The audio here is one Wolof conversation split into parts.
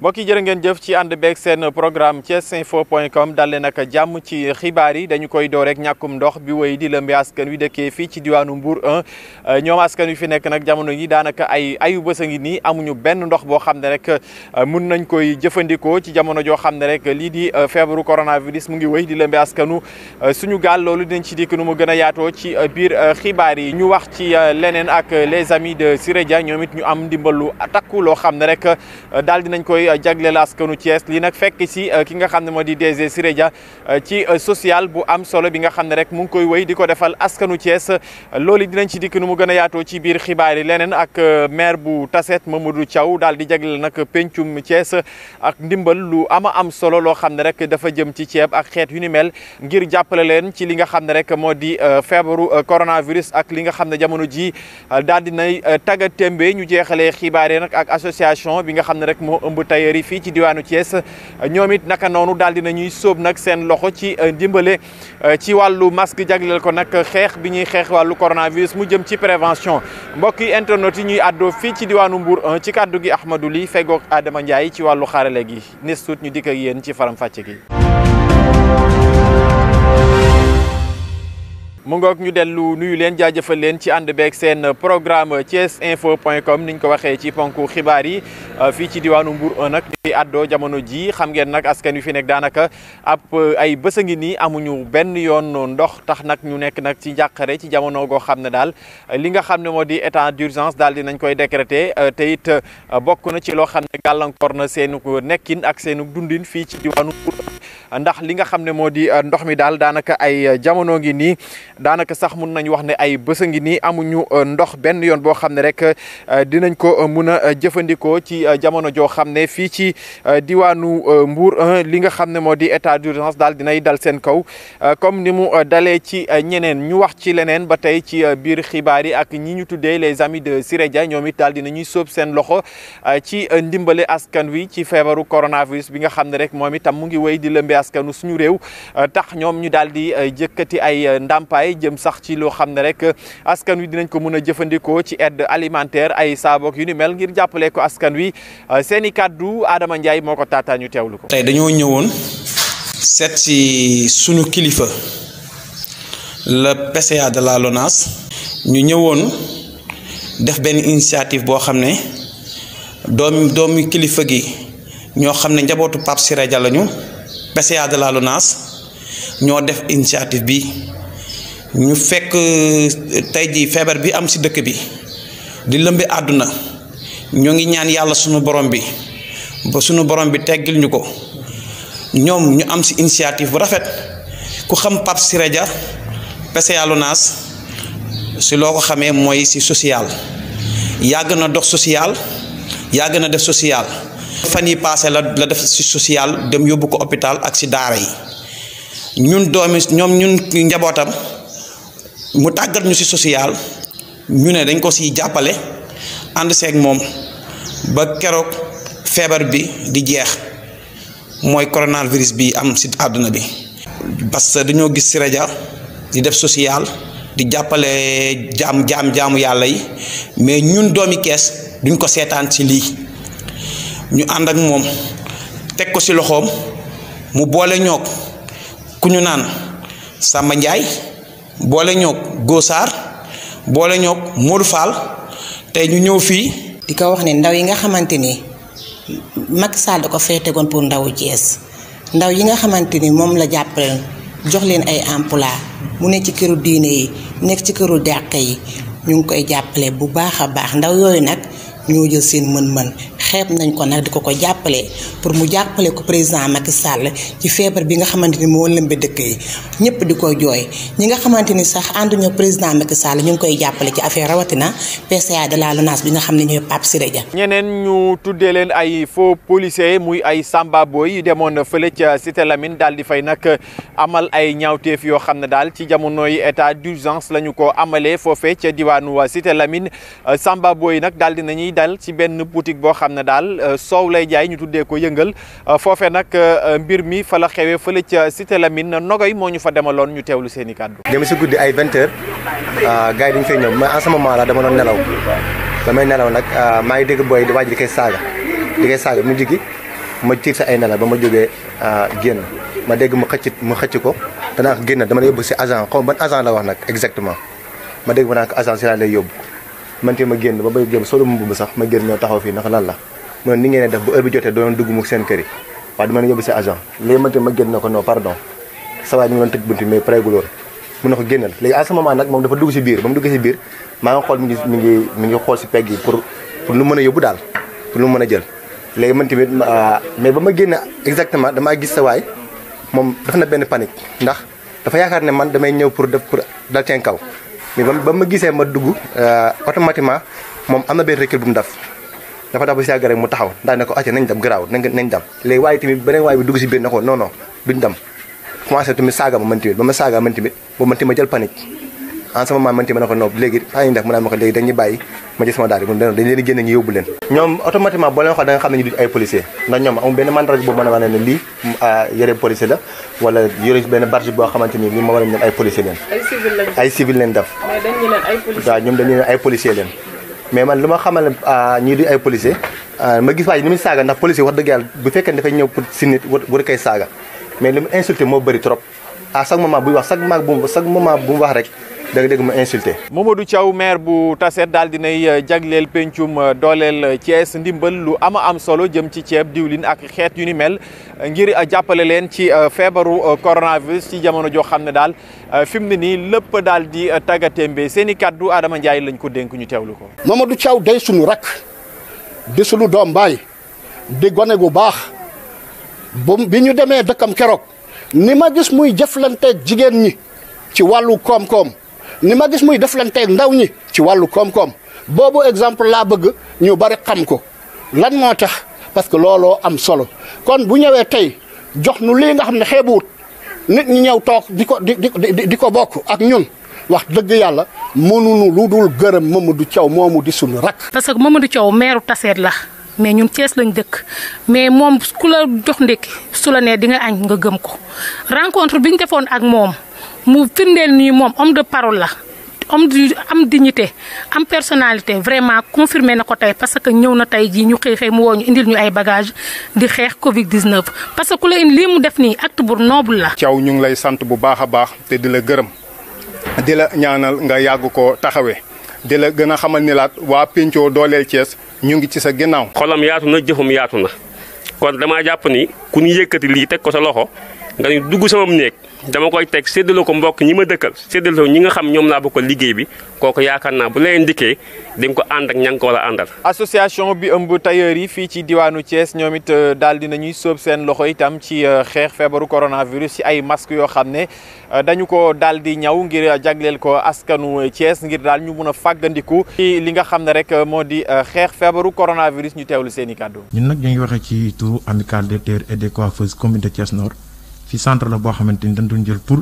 mbokk yi jërë ngeen jëf ci ànd beeg seen programme Thiès info point com dal leen ak jàmm ci xibaar yi dañu koy door rek ñàkkum ndox bi wéy di lëmbe askan wi dëkkee fii ci diwaanu Mbour euh, ñoom askan wi fi nekk nag jamono yi daanaka ay ayu bës a ngi nii amuñu benn ndox boo xam ne rek euh, mun nañ koy jëfandikoo ci jamono joo xam ne rek lii di euh, feebaru coronavirus mu ngi woy di lëmbe askanu suñu gaal loolu dinañ ci dikk nu mu gën a yaatoo ci biir xibaar yi ñu wax ci leneen ak les amis de Siré ñoom it ñu am ndimbalu takku loo xam ne rek daal dinañ koy jagleel askanu Thiès lii nag fekk si euh, ki nga xam ne moo di DG Siré Dia euh, ci euh, social bu am solo bi nga xam ne rek mu ngi koy wéy di ko defal askanu Thiès loolu dinañ ci dikk nu mu gën a yaatoo ci biir xibaar yi leneen ak maire bu Tassette Mamadou Thiaw daal di jagleel nag pencum Thiès ak ndimbal lu ama am solo loo xam ne rek dafa jëm ci ceeb ak xeet yu ni mel ngir jàppale leen ci li nga xam ne rek moo di feebaru coronavirus ak li nga xam ne jamono ji daal di nay tagga ñu jeexalee xibaar ak association bi nga xam ne rek moo ëmb tey tailleur yi fii ci diwaanu Thiès ñoom it naka noonu daal di nañuy soob nag seen loxo ci euh, dimbale euh, ci wàllu masque jagleel ko nag xeex bi ñuy xeex wàllu coronavirus mu jëm ci prévention mbokk yi internet yi ñuy àddoo fii ci diwaanu Mbour 1 ci kàddu gi Ahmadou Ly fegoog Adama Ndiaye ci wàllu xarale gi nes ñu dikk ak yéen ci faram fàcc gi mu ngoog ñu dellu nuyu leen jaajëfal leen ci ànd beeg seen programme Thiès info point comme ni ñu ko waxee ci ponk xibaar yi euh, fii ci diwaanu Mbour nag di àddoo jamono ji xam ngeen nag askan wi fi nekk daanaka ab euh, ay bés a ngi nii amuñu benn yoon ndox tax nag ñu nekk nag ci njàqare ci jamono goo xam ne daal li nga xam ne moo di état d'urgence daal dinañ koy décréter euh, teyit bokk na ci loo xam ne gàllankoor na seenu nekkin ak seenu dundin fii ci diwaanu Mbour ndax li nga xam ne moo di euh, ndox mi daal daanaka ay euh, jamono ngi nii daanaka sax mun nañu wax ne ay bës a ngi nii amuñu euh, ndox benn yoon boo xam ne rek dinañ ko mun a jëfandikoo ci jamono joo xam ne fii ci diwaanu Mbour li nga xam ne moo di état d'urgence daal dinay dal seen kaw comme ni mu dalee ci ñeneen ñu wax ci leneen ba tey ci biir xibaar yi ak ñi ñu tuddee les amis de Siré Dia ñoom it daal dinañuy sóob seen loxo ci ndimbale askan wi ci feebaru coronavirus bi nga xam rek moom itam mu ngi wéy di lëmbee askanu suñu réew euh, tax ñoom ñu daal di jëkkati euh, ay euh, ndàmpaay jëm sax ci loo xam ne rek askan wi dinañ ko mën a jëfandikoo ci aide alimentaire ay saabook yu ni mel ngir jàppale ko askan wi seeni kàddu aadama Ndiaye moo ko taataa ñu teewlu ko. tey dañoo ñëwoon seet si suñu kilifa le PCA de la LONASE ñu ñëwoon def benn initiative boo xam ne doomi doomi kilifa gi ñoo xam ne njabootu Pape Siré Dia lañu PCA de ñoo def initiative bi ñu fekk euh, tey jii feebar bi am si dëkk bi di lëmbi àdduna ñoo ngi ñaan yàlla suñu borom bi ba sunu borom bi teggil ñu ko ñoom ñu am si initiative bu rafet ku xam Pape Siré Dia PCA si loo ko xamee mooy si social yàgg na dox social yàgg na def social fan yi passé la la def si social dem yóbbu ko hôpital ak si daara yi ñun doomi ñoom ñun njabootam mu tàggat ñu si social ñu ne dañ ko siy jàppale ànd seeg moom ba keroog feebar bi di jeex mooy coronavirus bi am si àdduna bi parce que dañoo gis Siré Dia di def social di jàppale jaam jaam jaamu yàlla yi mais ñun doomi kees duñ ko seetaan ci lii ñu ànd ak moom teg ko ci loxoom mu boole ñoog ku ñu naan Samba njaay boole ñoog Gosaar boole ñoog Modou Fall tey ñu ñëw fii. di ko wax ne ndaw yi nga xamante ni Macky Sall da ko fee tegoon pour ndawu Thiès ndaw yi nga xamante ni moom la jàppale jox leen ay emploi mu nekk ci këru diine yi nekk ci këru dàq yi ñu ngi koy jàppale bu baax a baax ndaw yooyu nag ñoo jël seen mën-mën. xeet nañ ko nag di ko ko jàppale pour mu jàppale ko président Macky Sall ci feebar bi nga xamante ni moo lëmbe dëkk yi ñëpp di ko jooy ñi nga xamante ni sax ànduñu président Macky Sall ñu ngi koy jàppale ci affaire rawatina PCA de la LONASE bi nga xam ne ñooy Pape Siré Dia ñeneen ñu tuddee leen ay faux policiers muy ay Samba Boy yu fële ca Cité Lamine daal di fay nag amal ay ñaawteef yoo xam ne daal ci jamonoy état d'urgence lañu ko amalee foofee ca diwaanu Cité Lamine Samba Boy nag daal di nañuy dal ci benn boutique boo xam na ne daal euh, soow lay jaay ñu duddee ko yëngal euh, foofe nag euh, mbir mi fa la xewee fële ca Cité Lamine nogoy moo ñu fa demaloon ñu teewlu seen i kàddu. dem si guddi ay vingt heures gars yi dañu ñëw ma en ce moment là dama doon nelaw damay nelaw nag maa ngi dégg booy di waaj di koy saaga di koy saaga mu jigi ma tiit sa ay nelaw ba ma jógee génn ma dégg mu xëcc mu xëcc ko danaa ko génn dama la yóbbu si agent ba ban agent la wax nag exactement ma dégg ma naa ko yóbbu. man te ma génn ba bay jëm solo mu mbubb sax ma génn ñoo taxaw fii ndax lan la mu ne ni ngeen def bu heure bi jotee doo leen dugg mu seen kër yi waaye dama ne yóbbu si agent léegi man te ma na ko non pardon sa waay ñu ngi doon tëj bunt mais na ko génnal léegi à ce nag moom dafa dugg si biir ba mu duggee si biir maa ngi ngi mi ngi mi ngi xool si pegg yi pour pour lu mën a yóbbu pour lu mën a jël léegi man tamit euh, mais ba ma génn exactement damaa gis sa waay moom def na benn panique ndax dafa yaakaar ne man damay ñëw pour def pour dal seen kaw mais ba ma gisee ma dugg euh, automatiquement moom am na benn recul bu mu def dafa dafa si yàgg rek mu taxaw ndax ne ko acca nañ dem garaaw nañ nañ dem léegi waaye tamit beneen waaye bi dugg si biir ne ko non non duñ dem commencé tamit saaga ma man tamit ba ma saaga man tamit ba ma tamit ma jël panique en ah, sama maam mënti mën a ko noob léegi faa ñu def mu naan ma ko léegi dañuy bàyyi ma ci sama daal mu dañ leen génne ñu yóbbu leen ñoom automatiquement boo leen xool da xam ne ñu du ay policier ah, la wala yëre benn barge boo xamante ni ñi moo war a ñoom ñoom dañu leen ay policier leen mais man lu ma xamal ah, ñii du ay policier ma gis waa ji ni muy saaga ndax policier wax dëgg yàlla bu fekkee dafay ñëw pour si nit war koy saaga mais li mu insulté moo bari trop sag chaque moment buy wax sag moment bu chaque moment bu mu wax rek dégg-dégg ma insulté. du Thiaw maire bu Tasset daal nay euh, jagleel pencum euh, dooleel euh, Thiès ndimbal lu ama am solo jëm ci ceeb diwlin ak xeet yu ni mel ngir jàppale leen ci feebaru coronavirus ci jamono joo xam ne daal fi mu ne nii lépp daal di tàggatémbe seen i kaddu Adama Ndiaye lañ ko dénk ñu teewlu ko. Mamadou Thiaw day sunu rak di sunu doom baay di gone gu baax bu bi ñu demee dëkkam keroog. ni ma gis muy jëflanteeg jigéen ñi ci wàllu koom-koom ni ma gis muy jëflanteeg ndaw ñi ci wàllu koom-koom boobu exemple laa bëgg ñu bari xam ko lan moo tax parce que looloo am solo kon bu ñëwee tey jox nu lii nga xam ne xeebuwut nit ñi ñëw toog di ko di di di ko bokk ak ñun. wax dëgg yàlla mënuñu lu dul gërëm du Thiaw moomu di suñu rakk. parce que Mamadou Thiaw meeru taseet la. mais ñun Thiès lañ dëkk mais moom ku la jox ndékki su la nee di nga añ nga gëm ko rencontre bi ñu defoon ak moom mu firndeel nii moom homme de parole la homme du am dignité am personnalité vraiment confirmé na ko tey parce que ñëw na tey jii ñu xëy xëy mu woo ñu indil ñu ay bagage di xeex Covid 19 parce que ku la indi lii mu def nii acte bu noble la. Thiaw ñu ngi lay sant bu baax a baax te di la gërëm di la ñaanal nga yàgg ko taxawee. di la gën a xamal ni laat waa Pencoo dooleel Thiès ñu ngi ci sa ginnaaw. xolam yaatu na jëfum yaatu na kon damaa jàpp ni ku ñu yëkkati lii teg ko sa loxo nga ni dugg sama néeg dama koy teg séddale ko mbokk ñi ma dëkkal séddale ko ñi nga xam ñoom laa bokkal liggéey bi kooku yaakaar naa bu leen dikkee di nga ko ànd ak ñan ko war a àndal. association bi ëmb tailleur yi fii ci diwaanu Thiès ñoom it euh, daal di nañuy sóob seen loxo itam ci euh, xeex feebaru coronavirus ci ay masques yoo xam ne euh, dañu ko daal di ñaw ngir jagleel ko askanu cees ngir daal ñu mun a fàggandiku. ci li nga xam ne rek moo di xeex feebaru coronavirus ñu teewlu seen i kàddu. ñun nag ñu ngi ci turu amicale des tailleurs et des coiffeuses fi centre la boo xamante ni dañ doon jël pour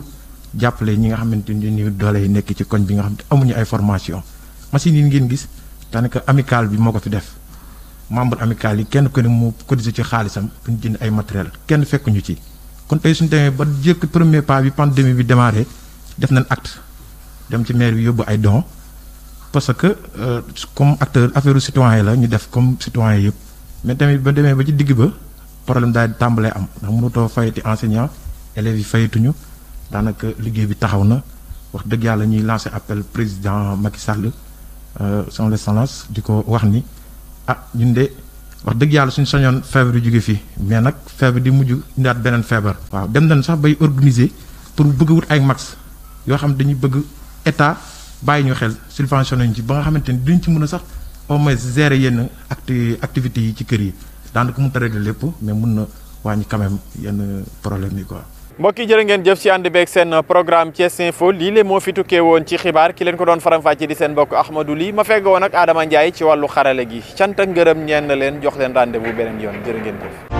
jàppale ñi nga xamante ni nii doole yi nekk ci koñ bi nga xam te amuñu ay formation machine yi ngeen gis daanaka amical bi moo ko fi def membre amical yi kenn ku ne mu cotisé ci xaalisam pour ñu jënd ay matériel kenn fekkuñu ci kon tey suñu demee ba jëkk premier pas bi pandémie bi démarré def nañ acte dem ci maire bi yóbbu ay don parce que euh, comme acteur affaire citoyen la ñu def comme citoyen yëpp mais ba problème daal di tàmbalee am ndax mënutoo fayati enseignant élèves yi fayatuñu daanaka liggéey bi taxaw na wax dëgg yàlla ñuy lancer appel président Macky Sall euh, son excellence di ko wax ni ah ñun de wax dëgg yàlla suñu soñoon feebaru yu jóge fii mais nag feebar di mujj indaat beneen feebar. waaw dem nañ sax bay organiser pour bëgg wut ay max yoo xam dañuy bëgg état bàyyi ñu xel subventionné ñu ci ba nga xamante ni duñ ci mën a sax au moins gérer yenn acti activités yi ci kër yi. daanaka mënut a régler lépp mais mun na wàññi quand même yenn problème yi quoi. mbokk yi jërë ngeen jëf si ànd beeg seen programme Thiès Info lii la moo fi tukkee woon ci xibaar ki leen ko doon faram-fàccee di seen mbokk Ahmadou ma feggoon ak Adama Ndiaye ci wàllu xarale gi cant ak ngërëm ñeen leen jox leen rendez-vous beneen yoon jërë ngeen jëf.